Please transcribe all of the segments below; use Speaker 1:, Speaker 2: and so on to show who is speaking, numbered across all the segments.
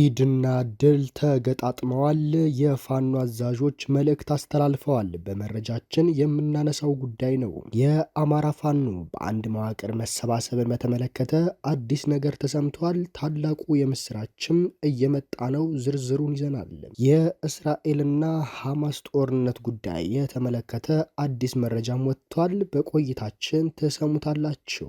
Speaker 1: ኢድና ድል ተገጣጥመዋል። የፋኖ አዛዦች መልእክት አስተላልፈዋል። በመረጃችን የምናነሳው ጉዳይ ነው። የአማራ ፋኖ በአንድ መዋቅር መሰባሰብን በተመለከተ አዲስ ነገር ተሰምቷል። ታላቁ የምስራችም እየመጣ ነው። ዝርዝሩን ይዘናል። የእስራኤልና ሐማስ ጦርነት ጉዳይ የተመለከተ አዲስ መረጃም ወጥቷል። በቆይታችን ተሰሙታላችሁ።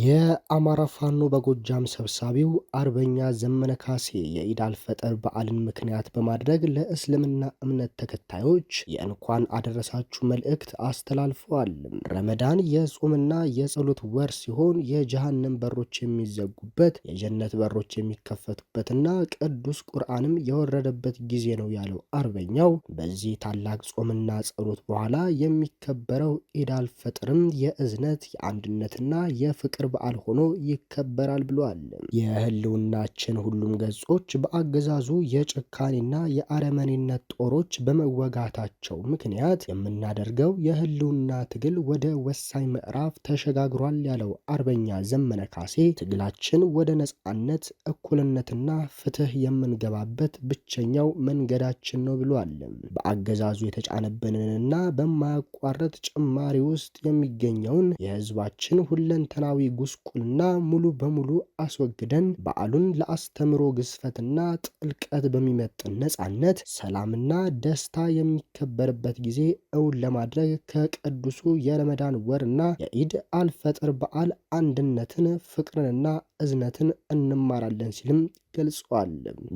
Speaker 1: የአማራ ፋኖ በጎጃም ሰብሳቢው አርበኛ ዘመነ ካሴ የኢድ አልፈጠር በዓልን ምክንያት በማድረግ ለእስልምና እምነት ተከታዮች የእንኳን አደረሳችሁ መልእክት አስተላልፈዋል። ረመዳን የጾምና የጸሎት ወር ሲሆን የጀሃነም በሮች የሚዘጉበት የጀነት በሮች የሚከፈቱበትና ቅዱስ ቁርአንም የወረደበት ጊዜ ነው ያለው አርበኛው በዚህ ታላቅ ጾምና ጸሎት በኋላ የሚከበረው ኢድ አልፈጥርም የእዝነት የአንድነትና የፍቅር የፍቅር በዓል ሆኖ ይከበራል ብለዋል። የህልውናችን ሁሉም ገጾች በአገዛዙ የጭካኔና የአረመኔነት ጦሮች በመወጋታቸው ምክንያት የምናደርገው የህልውና ትግል ወደ ወሳኝ ምዕራፍ ተሸጋግሯል ያለው አርበኛ ዘመነ ካሴ ትግላችን ወደ ነጻነት፣ እኩልነትና ፍትህ የምንገባበት ብቸኛው መንገዳችን ነው ብሏል። በአገዛዙ የተጫነብንንና በማያቋረጥ ጭማሪ ውስጥ የሚገኘውን የህዝባችን ሁለንተናዊ ጉስቁልና ሙሉ በሙሉ አስወግደን በዓሉን ለአስተምሮ ግዝፈትና ጥልቀት በሚመጥን ነፃነት፣ ሰላምና ደስታ የሚከበርበት ጊዜ እውን ለማድረግ ከቅዱሱ የረመዳን ወርና የኢድ አልፈጥር በዓል አንድነትን፣ ፍቅርንና እዝነትን እንማራለን ሲልም ገልጿል።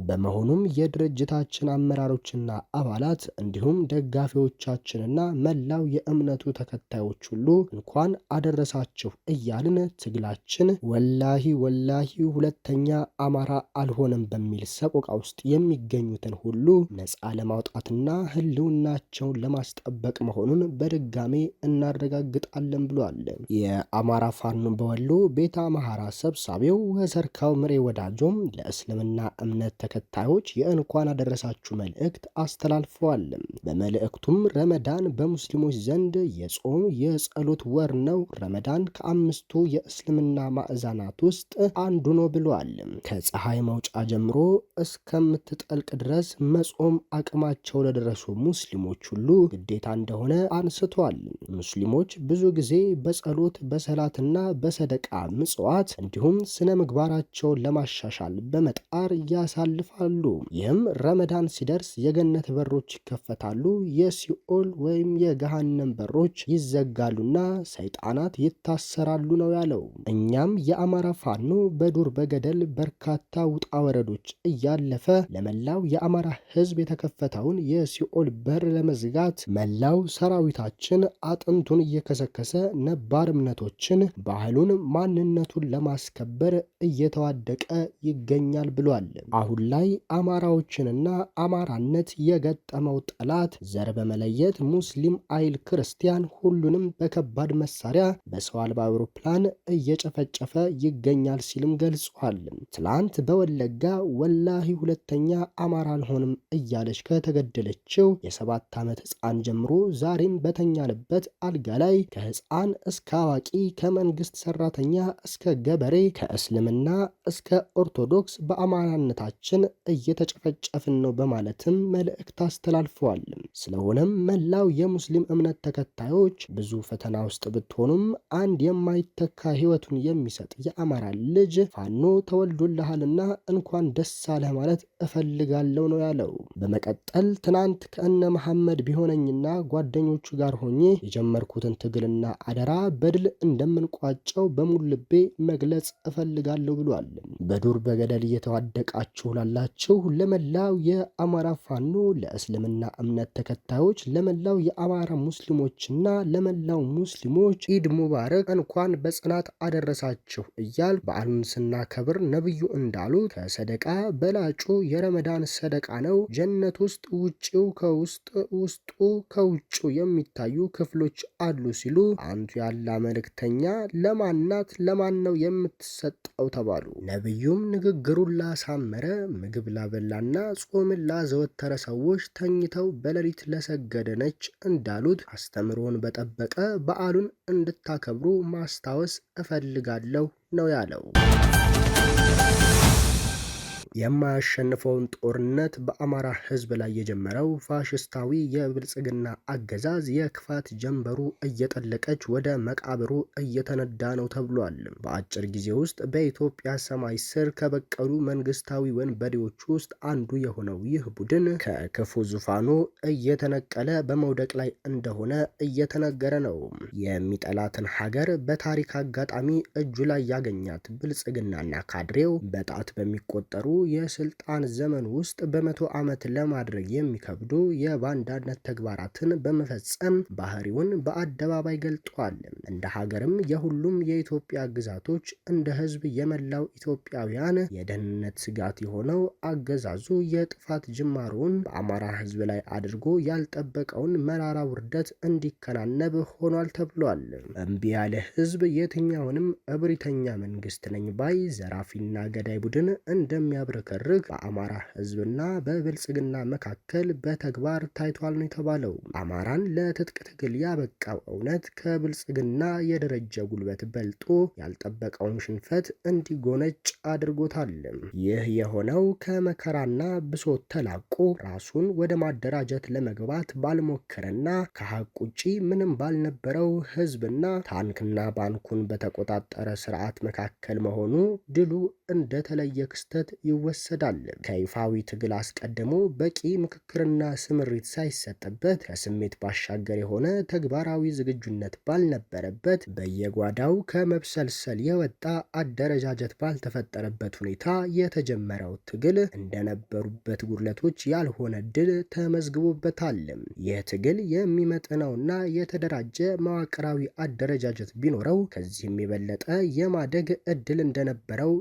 Speaker 1: በመሆኑም የድርጅታችን አመራሮችና አባላት እንዲሁም ደጋፊዎቻችንና መላው የእምነቱ ተከታዮች ሁሉ እንኳን አደረሳችሁ እያልን ትግላችን ወላሂ ወላሂ ሁለተኛ አማራ አልሆነም በሚል ሰቆቃ ውስጥ የሚገኙትን ሁሉ ነፃ ለማውጣትና ህልውናቸውን ለማስጠበቅ መሆኑን በድጋሜ እናረጋግጣለን ብሏል። የአማራ ፋኖ በወሎ ቤተ አምሐራ ሰብሳቢው ወሰርካው ምሬ ወዳጆም ለእስ የእስልምና እምነት ተከታዮች የእንኳን አደረሳችሁ መልእክት አስተላልፈዋል። በመልእክቱም ረመዳን በሙስሊሞች ዘንድ የጾም የጸሎት ወር ነው፣ ረመዳን ከአምስቱ የእስልምና ማዕዛናት ውስጥ አንዱ ነው ብለዋል። ከፀሐይ መውጫ ጀምሮ እስከምትጠልቅ ድረስ መጾም አቅማቸው ለደረሱ ሙስሊሞች ሁሉ ግዴታ እንደሆነ አንስተዋል። ሙስሊሞች ብዙ ጊዜ በጸሎት በሰላትና በሰደቃ ምጽዋት እንዲሁም ስነ ምግባራቸውን ለማሻሻል በመ ፈጣር ያሳልፋሉ። ይህም ረመዳን ሲደርስ የገነት በሮች ይከፈታሉ፣ የሲኦል ወይም የገሃነም በሮች ይዘጋሉና ሰይጣናት ይታሰራሉ ነው ያለው። እኛም የአማራ ፋኖ በዱር በገደል በርካታ ውጣ ወረዶች እያለፈ ለመላው የአማራ ሕዝብ የተከፈተውን የሲኦል በር ለመዝጋት መላው ሰራዊታችን አጥንቱን እየከሰከሰ ነባር እምነቶችን፣ ባህሉን፣ ማንነቱን ለማስከበር እየተዋደቀ ይገኛል ይገባል ብሏል። አሁን ላይ አማራዎችንና አማራነት የገጠመው ጠላት ዘር በመለየት ሙስሊም አይል ክርስቲያን ሁሉንም በከባድ መሳሪያ በሰው አልባ አውሮፕላን እየጨፈጨፈ ይገኛል ሲልም ገልጿል። ትላንት በወለጋ ወላሂ ሁለተኛ አማራ አልሆንም እያለች ከተገደለችው የሰባት ዓመት ሕፃን ጀምሮ ዛሬም በተኛንበት አልጋ ላይ ከህፃን እስከ አዋቂ ከመንግስት ሰራተኛ እስከ ገበሬ ከእስልምና እስከ ኦርቶዶክስ በ በአማራነታችን እየተጨፈጨፍን ነው በማለትም መልእክት አስተላልፈዋል። ስለሆነም መላው የሙስሊም እምነት ተከታዮች ብዙ ፈተና ውስጥ ብትሆኑም አንድ የማይተካ ህይወቱን የሚሰጥ የአማራ ልጅ ፋኖ ተወልዶልሃልና እንኳን ደስ አለህ ማለት እፈልጋለሁ ነው ያለው። በመቀጠል ትናንት ከእነ መሐመድ ቢሆነኝና ጓደኞቹ ጋር ሆኜ የጀመርኩትን ትግልና አደራ በድል እንደምንቋጨው በሙሉ ልቤ መግለጽ እፈልጋለሁ ብሏል። በዱር በገደል እየተዋደቃችሁ ላላችሁ ለመላው የአማራ ፋኖ ለእስልምና እምነት ተከታዮች ለመላው የአማራ ሙስሊሞችና ለመላው ሙስሊሞች ኢድ ሙባረክ እንኳን በጽናት አደረሳችሁ እያል በዓሉን ስናከብር ነብዩ እንዳሉት ከሰደቃ በላጩ የረመዳን ሰደቃ ነው። ጀነት ውስጥ ውጭው ከውስጥ ውስጡ ከውጭ የሚታዩ ክፍሎች አሉ ሲሉ አንቱ ያላ መልእክተኛ ለማናት ለማን ነው የምትሰጠው ተባሉ። ነብዩም ንግግሩ ኑሮውን ላሳመረ፣ ምግብ ላበላና ጾምን ላዘወተረ ሰዎች ተኝተው በሌሊት ለሰገደ ነች እንዳሉት አስተምሮን በጠበቀ በዓሉን እንድታከብሩ ማስታወስ እፈልጋለሁ ነው ያለው። የማያሸንፈውን ጦርነት በአማራ ሕዝብ ላይ የጀመረው ፋሽስታዊ የብልጽግና አገዛዝ የክፋት ጀንበሩ እየጠለቀች ወደ መቃብሩ እየተነዳ ነው ተብሏል። በአጭር ጊዜ ውስጥ በኢትዮጵያ ሰማይ ስር ከበቀሉ መንግስታዊ ወንበዴዎች ውስጥ አንዱ የሆነው ይህ ቡድን ከክፉ ዙፋኑ እየተነቀለ በመውደቅ ላይ እንደሆነ እየተነገረ ነው። የሚጠላትን ሀገር በታሪክ አጋጣሚ እጁ ላይ ያገኛት ብልጽግናና ካድሬው በጣት በሚቆጠሩ የስልጣን ዘመን ውስጥ በመቶ ዓመት ለማድረግ የሚከብዱ የባንዳነት ተግባራትን በመፈጸም ባህሪውን በአደባባይ ገልጧል። እንደ ሀገርም የሁሉም የኢትዮጵያ ግዛቶች እንደ ህዝብ የመላው ኢትዮጵያውያን የደህንነት ስጋት የሆነው አገዛዙ የጥፋት ጅማሮውን በአማራ ህዝብ ላይ አድርጎ ያልጠበቀውን መራራ ውርደት እንዲከናነብ ሆኗል ተብሏል። እምቢ ያለ ህዝብ የትኛውንም እብሪተኛ መንግስት ነኝ ባይ ዘራፊና ገዳይ ቡድን እንደሚያብረ ሲያብረከርክ በአማራ ህዝብና በብልጽግና መካከል በተግባር ታይቷል ነው የተባለው። አማራን ለትጥቅ ትግል ያበቃው እውነት ከብልጽግና የደረጀ ጉልበት በልጦ ያልጠበቀውን ሽንፈት እንዲጎነጭ አድርጎታል። ይህ የሆነው ከመከራና ብሶት ተላቆ ራሱን ወደ ማደራጀት ለመግባት ባልሞከረና ከሀቅ ውጪ ምንም ባልነበረው ህዝብና ታንክና ባንኩን በተቆጣጠረ ስርዓት መካከል መሆኑ ድሉ እንደተለየ ክስተት ይወ ይወሰዳል። ከይፋዊ ትግል አስቀድሞ በቂ ምክክርና ስምሪት ሳይሰጥበት ከስሜት ባሻገር የሆነ ተግባራዊ ዝግጁነት ባልነበረበት በየጓዳው ከመብሰልሰል የወጣ አደረጃጀት ባልተፈጠረበት ሁኔታ የተጀመረው ትግል እንደነበሩበት ጉድለቶች ያልሆነ ድል ተመዝግቦበታል ይህ ትግል የሚመጥነውና የተደራጀ መዋቅራዊ አደረጃጀት ቢኖረው ከዚህም የበለጠ የማደግ እድል እንደነበረው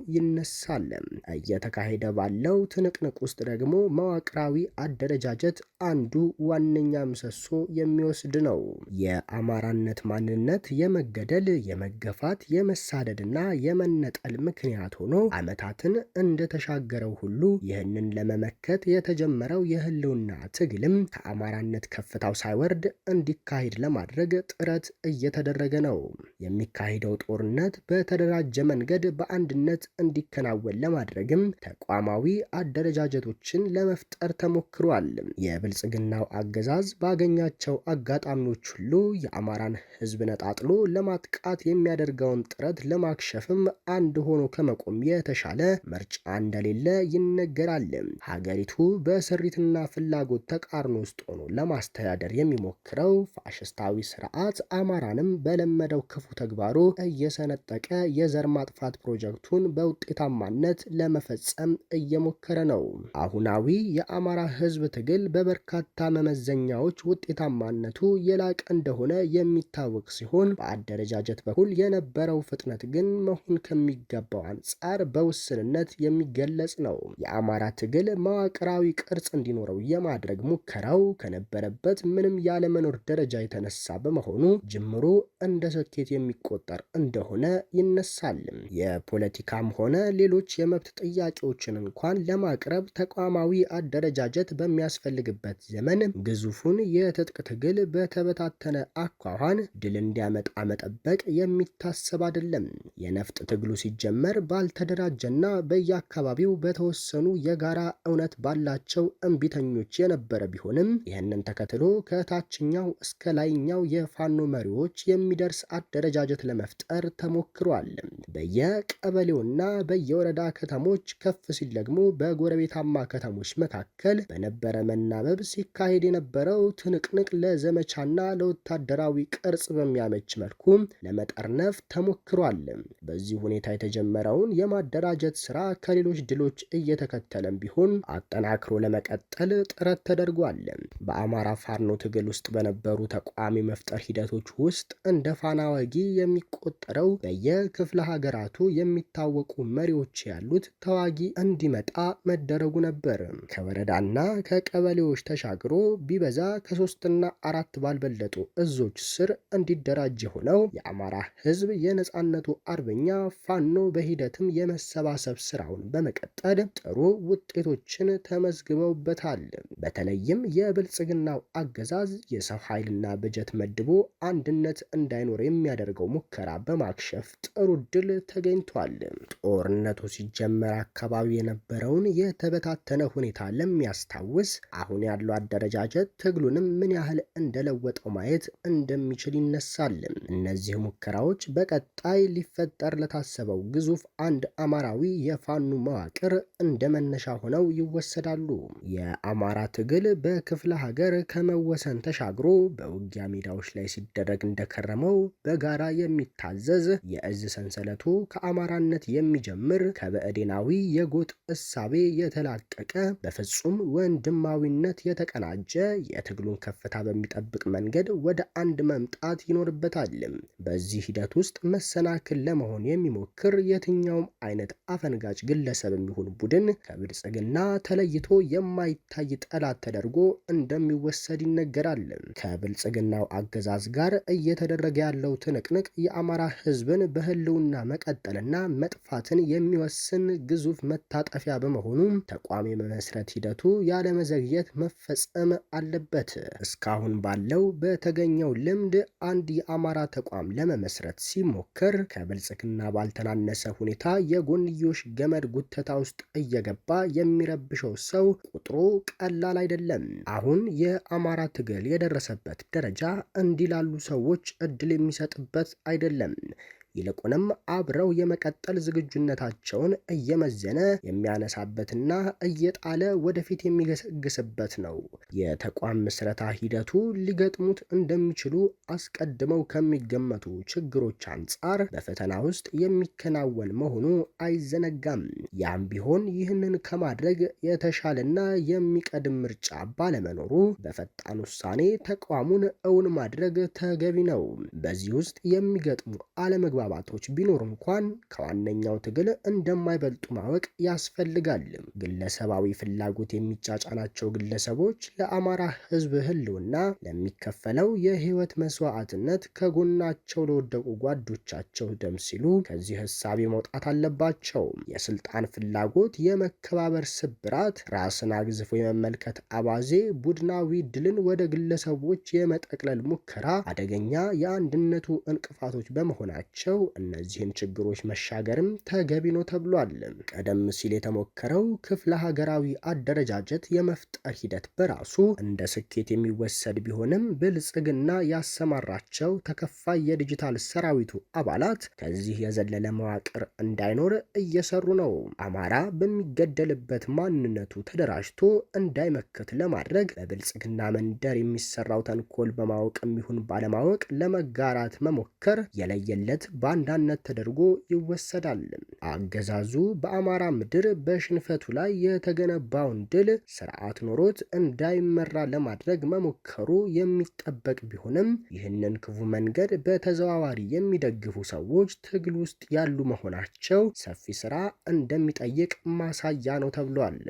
Speaker 1: እየተካ እየተካሄደ ባለው ትንቅንቅ ውስጥ ደግሞ መዋቅራዊ አደረጃጀት አንዱ ዋነኛ ምሰሶ የሚወስድ ነው። የአማራነት ማንነት የመገደል፣ የመገፋት፣ የመሳደድና የመነጠል ምክንያት ሆኖ ዓመታትን እንደተሻገረው ሁሉ ይህንን ለመመከት የተጀመረው የህልውና ትግልም ከአማራነት ከፍታው ሳይወርድ እንዲካሄድ ለማድረግ ጥረት እየተደረገ ነው። የሚካሄደው ጦርነት በተደራጀ መንገድ በአንድነት እንዲከናወን ለማድረግም ተቋማዊ አደረጃጀቶችን ለመፍጠር ተሞክሯል። የብልጽግናው አገዛዝ ባገኛቸው አጋጣሚዎች ሁሉ የአማራን ሕዝብ ነጣጥሎ ለማጥቃት የሚያደርገውን ጥረት ለማክሸፍም አንድ ሆኖ ከመቆም የተሻለ ምርጫ እንደሌለ ይነገራል። ሀገሪቱ በስሪትና ፍላጎት ተቃርኖ ውስጥ ሆኖ ለማስተዳደር የሚሞክረው ፋሽስታዊ ስርዓት አማራንም በለመደው ክፉ ተግባሩ እየሰነጠቀ የዘር ማጥፋት ፕሮጀክቱን በውጤታማነት ለመፈጸም ለመጠቀም እየሞከረ ነው። አሁናዊ የአማራ ህዝብ ትግል በበርካታ መመዘኛዎች ውጤታማነቱ የላቀ እንደሆነ የሚታወቅ ሲሆን በአደረጃጀት በኩል የነበረው ፍጥነት ግን መሆን ከሚገባው አንጻር በውስንነት የሚገለጽ ነው። የአማራ ትግል መዋቅራዊ ቅርጽ እንዲኖረው የማድረግ ሙከራው ከነበረበት ምንም ያለመኖር ደረጃ የተነሳ በመሆኑ ጅምሩ እንደ ስኬት የሚቆጠር እንደሆነ ይነሳል። የፖለቲካም ሆነ ሌሎች የመብት ጥያቄዎች ሀሳቦችን እንኳን ለማቅረብ ተቋማዊ አደረጃጀት በሚያስፈልግበት ዘመን ግዙፉን የትጥቅ ትግል በተበታተነ አኳኋን ድል እንዲያመጣ መጠበቅ የሚታሰብ አይደለም። የነፍጥ ትግሉ ሲጀመር ባልተደራጀና በየአካባቢው በተወሰኑ የጋራ እውነት ባላቸው እምቢተኞች የነበረ ቢሆንም ይህንን ተከትሎ ከታችኛው እስከ ላይኛው የፋኖ መሪዎች የሚደርስ አደረጃጀት ለመፍጠር ተሞክሯል። በየቀበሌውና በየወረዳ ከተሞች ከፍ ሲል ደግሞ በጎረቤታማ ከተሞች መካከል በነበረ መናበብ ሲካሄድ የነበረው ትንቅንቅ ለዘመቻና ለወታደራዊ ቅርጽ በሚያመች መልኩ ለመጠርነፍ ተሞክሯል። በዚህ ሁኔታ የተጀመረውን የማደራጀት ስራ ከሌሎች ድሎች እየተከተለም ቢሆን አጠናክሮ ለመቀጠል ጥረት ተደርጓል። በአማራ ፋኖ ትግል ውስጥ በነበሩ ተቋሚ መፍጠር ሂደቶች ውስጥ እንደ ፋና ወጊ የሚቆጠረው በየክፍለ ሀገራቱ የሚታወቁ መሪዎች ያሉት ተዋጊ እንዲመጣ መደረጉ ነበር። ከወረዳና ከቀበሌዎች ተሻግሮ ቢበዛ ከሶስትና አራት ባልበለጡ እዞች ስር እንዲደራጅ የሆነው የአማራ ህዝብ የነጻነቱ አርበኛ ፋኖ በሂደትም የመሰባሰብ ስራውን በመቀጠል ጥሩ ውጤቶችን ተመዝግበውበታል። በተለይም የብልጽግናው አገዛዝ የሰው ኃይልና በጀት መድቦ አንድነት እንዳይኖር የሚያደርገው ሙከራ በማክሸፍ ጥሩ ድል ተገኝቷል። ጦርነቱ ሲጀመር አካባቢ ወቅታዊ የነበረውን የተበታተነ ሁኔታ ለሚያስታውስ አሁን ያለው አደረጃጀት ትግሉንም ምን ያህል እንደለወጠው ማየት እንደሚችል ይነሳል። እነዚህ ሙከራዎች በቀጣይ ሊፈጠር ለታሰበው ግዙፍ አንድ አማራዊ የፋኑ መዋቅር እንደ መነሻ ሆነው ይወሰዳሉ። የአማራ ትግል በክፍለ ሀገር ከመወሰን ተሻግሮ በውጊያ ሜዳዎች ላይ ሲደረግ እንደከረመው በጋራ የሚታዘዝ የእዝ ሰንሰለቱ ከአማራነት የሚጀምር ከብአዴናዊ የጎ ፍላጎት እሳቤ የተላቀቀ በፍጹም ወንድማዊነት የተቀናጀ የትግሉን ከፍታ በሚጠብቅ መንገድ ወደ አንድ መምጣት ይኖርበታል። በዚህ ሂደት ውስጥ መሰናክል ለመሆን የሚሞክር የትኛውም አይነት አፈንጋጭ ግለሰብ የሚሆን ቡድን ከብልጽግና ተለይቶ የማይታይ ጠላት ተደርጎ እንደሚወሰድ ይነገራል። ከብልጽግናው አገዛዝ ጋር እየተደረገ ያለው ትንቅንቅ የአማራ ሕዝብን በህልውና መቀጠልና መጥፋትን የሚወስን ግዙፍ መ መታጠፊያ በመሆኑ ተቋም የመመስረት ሂደቱ ያለመዘግየት መፈጸም አለበት። እስካሁን ባለው በተገኘው ልምድ አንድ የአማራ ተቋም ለመመስረት ሲሞከር ከብልጽግና ባልተናነሰ ሁኔታ የጎንዮሽ ገመድ ጉተታ ውስጥ እየገባ የሚረብሸው ሰው ቁጥሩ ቀላል አይደለም። አሁን የአማራ ትግል የደረሰበት ደረጃ እንዲህ ላሉ ሰዎች እድል የሚሰጥበት አይደለም። ይልቁንም አብረው የመቀጠል ዝግጁነታቸውን እየመዘነ የሚያነሳበትና እየጣለ ወደፊት የሚገሰግስበት ነው። የተቋም ምስረታ ሂደቱ ሊገጥሙት እንደሚችሉ አስቀድመው ከሚገመቱ ችግሮች አንጻር በፈተና ውስጥ የሚከናወን መሆኑ አይዘነጋም። ያም ቢሆን ይህንን ከማድረግ የተሻለና የሚቀድም ምርጫ ባለመኖሩ በፈጣን ውሳኔ ተቋሙን እውን ማድረግ ተገቢ ነው። በዚህ ውስጥ የሚገጥሙ አለመግባ መግባባቶች ቢኖር እንኳን ከዋነኛው ትግል እንደማይበልጡ ማወቅ ያስፈልጋል። ግለሰባዊ ፍላጎት የሚጫጫናቸው ግለሰቦች ለአማራ ሕዝብ ህልውና ለሚከፈለው የህይወት መስዋዕትነት ከጎናቸው ለወደቁ ጓዶቻቸው ደም ሲሉ ከዚህ ህሳቤ መውጣት አለባቸው። የስልጣን ፍላጎት፣ የመከባበር ስብራት፣ ራስን አግዝፎ የመመልከት አባዜ፣ ቡድናዊ ድልን ወደ ግለሰቦች የመጠቅለል ሙከራ አደገኛ የአንድነቱ እንቅፋቶች በመሆናቸው በመሆናቸው እነዚህን ችግሮች መሻገርም ተገቢ ነው ተብሏል። ቀደም ሲል የተሞከረው ክፍለ ሀገራዊ አደረጃጀት የመፍጠር ሂደት በራሱ እንደ ስኬት የሚወሰድ ቢሆንም ብልጽግና ያሰማራቸው ተከፋይ የዲጂታል ሰራዊቱ አባላት ከዚህ የዘለለ መዋቅር እንዳይኖር እየሰሩ ነው። አማራ በሚገደልበት ማንነቱ ተደራጅቶ እንዳይመክት ለማድረግ በብልጽግና መንደር የሚሰራው ተንኮል በማወቅ የሚሆን ባለማወቅ ለመጋራት መሞከር የለየለት ባንዳነት ተደርጎ ይወሰዳል። አገዛዙ በአማራ ምድር በሽንፈቱ ላይ የተገነባውን ድል ስርዓት ኖሮት እንዳይመራ ለማድረግ መሞከሩ የሚጠበቅ ቢሆንም ይህንን ክፉ መንገድ በተዘዋዋሪ የሚደግፉ ሰዎች ትግል ውስጥ ያሉ መሆናቸው ሰፊ ስራ እንደሚጠይቅ ማሳያ ነው ተብሏል።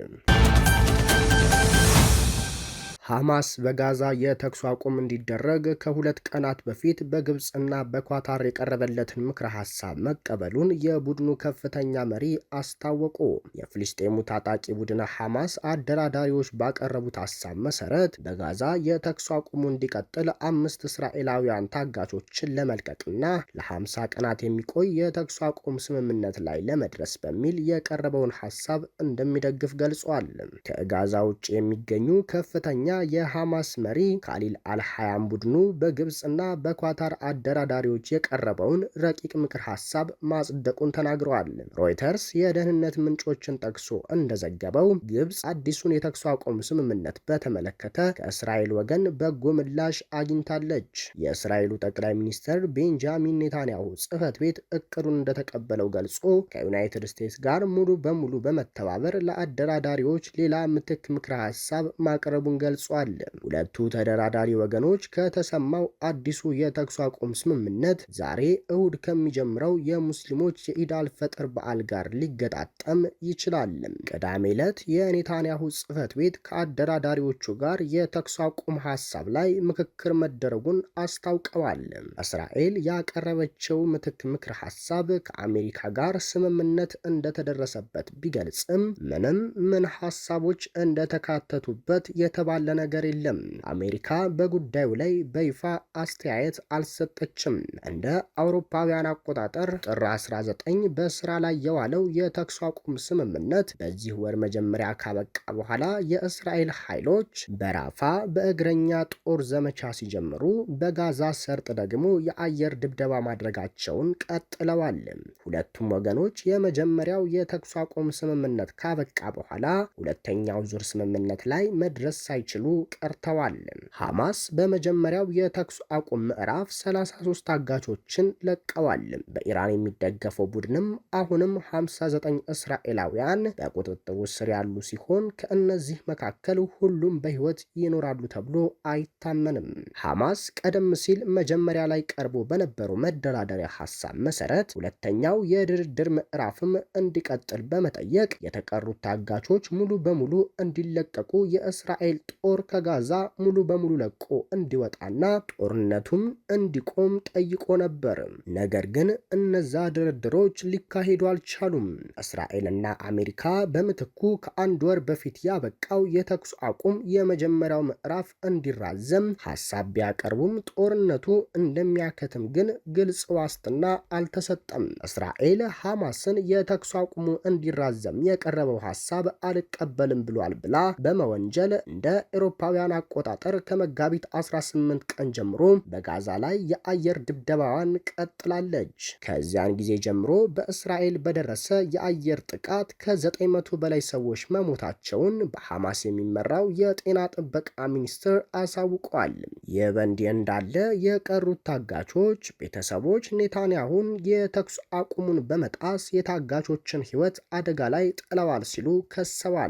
Speaker 1: ሐማስ በጋዛ የተኩስ አቁም እንዲደረግ ከሁለት ቀናት በፊት በግብፅና በኳታር የቀረበለትን ምክረ ሐሳብ መቀበሉን የቡድኑ ከፍተኛ መሪ አስታወቁ። የፍልስጤሙ ታጣቂ ቡድን ሐማስ አደራዳሪዎች ባቀረቡት ሐሳብ መሰረት በጋዛ የተኩስ አቁሙ እንዲቀጥል አምስት እስራኤላውያን ታጋቾችን ለመልቀቅና ለ50 ቀናት የሚቆይ የተኩስ አቁም ስምምነት ላይ ለመድረስ በሚል የቀረበውን ሐሳብ እንደሚደግፍ ገልጿል። ከጋዛ ውጭ የሚገኙ ከፍተኛ የሐማስ መሪ ካሊል አልሐያም ቡድኑ በግብፅና በኳታር አደራዳሪዎች የቀረበውን ረቂቅ ምክር ሀሳብ ማጽደቁን ተናግረዋል። ሮይተርስ የደህንነት ምንጮችን ጠቅሶ እንደዘገበው ግብፅ አዲሱን የተኩስ አቁም ስምምነት በተመለከተ ከእስራኤል ወገን በጎ ምላሽ አግኝታለች። የእስራኤሉ ጠቅላይ ሚኒስትር ቤንጃሚን ኔታንያሁ ጽህፈት ቤት እቅዱን እንደተቀበለው ገልጾ ከዩናይትድ ስቴትስ ጋር ሙሉ በሙሉ በመተባበር ለአደራዳሪዎች ሌላ ምትክ ምክረ ሀሳብ ማቅረቡን ገልጿል። ገልጿል። ሁለቱ ተደራዳሪ ወገኖች ከተሰማው አዲሱ የተኩስ አቁም ስምምነት ዛሬ እሁድ ከሚጀምረው የሙስሊሞች የኢዳል ፈጥር በዓል ጋር ሊገጣጠም ይችላል። ቅዳሜ ዕለት የኔታንያሁ ጽህፈት ቤት ከአደራዳሪዎቹ ጋር የተኩስ አቁም ሀሳብ ላይ ምክክር መደረጉን አስታውቀዋል። እስራኤል ያቀረበችው ምትክ ምክር ሀሳብ ከአሜሪካ ጋር ስምምነት እንደተደረሰበት ቢገልጽም ምንም ምን ሀሳቦች እንደተካተቱበት የተባለ ነገር የለም። አሜሪካ በጉዳዩ ላይ በይፋ አስተያየት አልሰጠችም። እንደ አውሮፓውያን አቆጣጠር ጥር 19 በስራ ላይ የዋለው የተኩስ አቁም ስምምነት በዚህ ወር መጀመሪያ ካበቃ በኋላ የእስራኤል ኃይሎች በራፋ በእግረኛ ጦር ዘመቻ ሲጀምሩ በጋዛ ሰርጥ ደግሞ የአየር ድብደባ ማድረጋቸውን ቀጥለዋል። ሁለቱም ወገኖች የመጀመሪያው የተኩስ አቁም ስምምነት ካበቃ በኋላ ሁለተኛው ዙር ስምምነት ላይ መድረስ ሳይችሉ ሳይችሉ ቀርተዋል። ሐማስ በመጀመሪያው የተኩስ አቁም ምዕራፍ 33 አጋቾችን ለቀዋል። በኢራን የሚደገፈው ቡድንም አሁንም 59 እስራኤላውያን በቁጥጥር ስር ያሉ ሲሆን ከእነዚህ መካከል ሁሉም በሕይወት ይኖራሉ ተብሎ አይታመንም። ሐማስ ቀደም ሲል መጀመሪያ ላይ ቀርቦ በነበረው መደራደሪያ ሐሳብ መሰረት ሁለተኛው የድርድር ምዕራፍም እንዲቀጥል በመጠየቅ የተቀሩት ታጋቾች ሙሉ በሙሉ እንዲለቀቁ የእስራኤል ጦር ጦር ከጋዛ ሙሉ በሙሉ ለቆ እንዲወጣና ጦርነቱም እንዲቆም ጠይቆ ነበር። ነገር ግን እነዛ ድርድሮች ሊካሄዱ አልቻሉም። እስራኤልና አሜሪካ በምትኩ ከአንድ ወር በፊት ያበቃው የተኩስ አቁም የመጀመሪያው ምዕራፍ እንዲራዘም ሀሳብ ቢያቀርቡም ጦርነቱ እንደሚያከትም ግን ግልጽ ዋስትና አልተሰጠም። እስራኤል ሐማስን የተኩስ አቁሙ እንዲራዘም የቀረበው ሀሳብ አልቀበልም ብሏል ብላ በመወንጀል እንደ አውሮፓውያን አቆጣጠር ከመጋቢት 18 ቀን ጀምሮ በጋዛ ላይ የአየር ድብደባዋን ቀጥላለች። ከዚያን ጊዜ ጀምሮ በእስራኤል በደረሰ የአየር ጥቃት ከ900 በላይ ሰዎች መሞታቸውን በሐማስ የሚመራው የጤና ጥበቃ ሚኒስቴር አሳውቋል። ይህ በእንዲህ እንዳለ የቀሩት ታጋቾች ቤተሰቦች ኔታንያሁን የተኩስ አቁሙን በመጣስ የታጋቾችን ሕይወት አደጋ ላይ ጥለዋል ሲሉ ከሰዋል።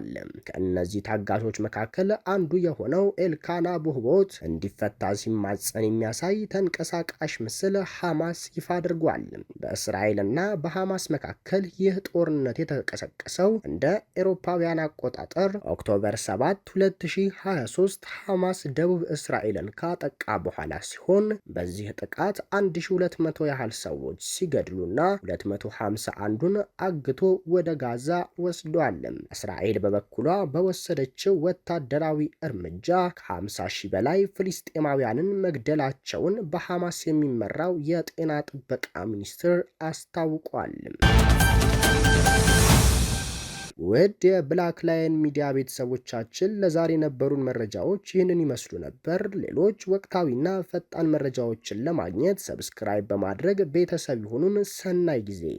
Speaker 1: ከእነዚህ ታጋቾች መካከል አንዱ የሆነው ኤልካና ቡህቦት እንዲፈታ ሲማጸን የሚያሳይ ተንቀሳቃሽ ምስል ሐማስ ይፋ አድርጓል። በእስራኤልና በሐማስ መካከል ይህ ጦርነት የተቀሰቀሰው እንደ ኤሮፓውያን አቆጣጠር ኦክቶበር 7 2023 ሐማስ ደቡብ እስራኤልን ካጠቃ በኋላ ሲሆን በዚህ ጥቃት 1200 ያህል ሰዎች ሲገድሉና 251ዱን አግቶ ወደ ጋዛ ወስዷል። እስራኤል በበኩሏ በወሰደችው ወታደራዊ እርምጃ ከ50 ሺህ በላይ ፍልስጤማውያንን መግደላቸውን በሐማስ የሚመራው የጤና ጥበቃ ሚኒስቴር አስታውቋል። ውድ የብላክ ላየን ሚዲያ ቤተሰቦቻችን ለዛሬ የነበሩን መረጃዎች ይህንን ይመስሉ ነበር። ሌሎች ወቅታዊና ፈጣን መረጃዎችን ለማግኘት ሰብስክራይብ በማድረግ ቤተሰብ ይሁኑን። ሰናይ ጊዜ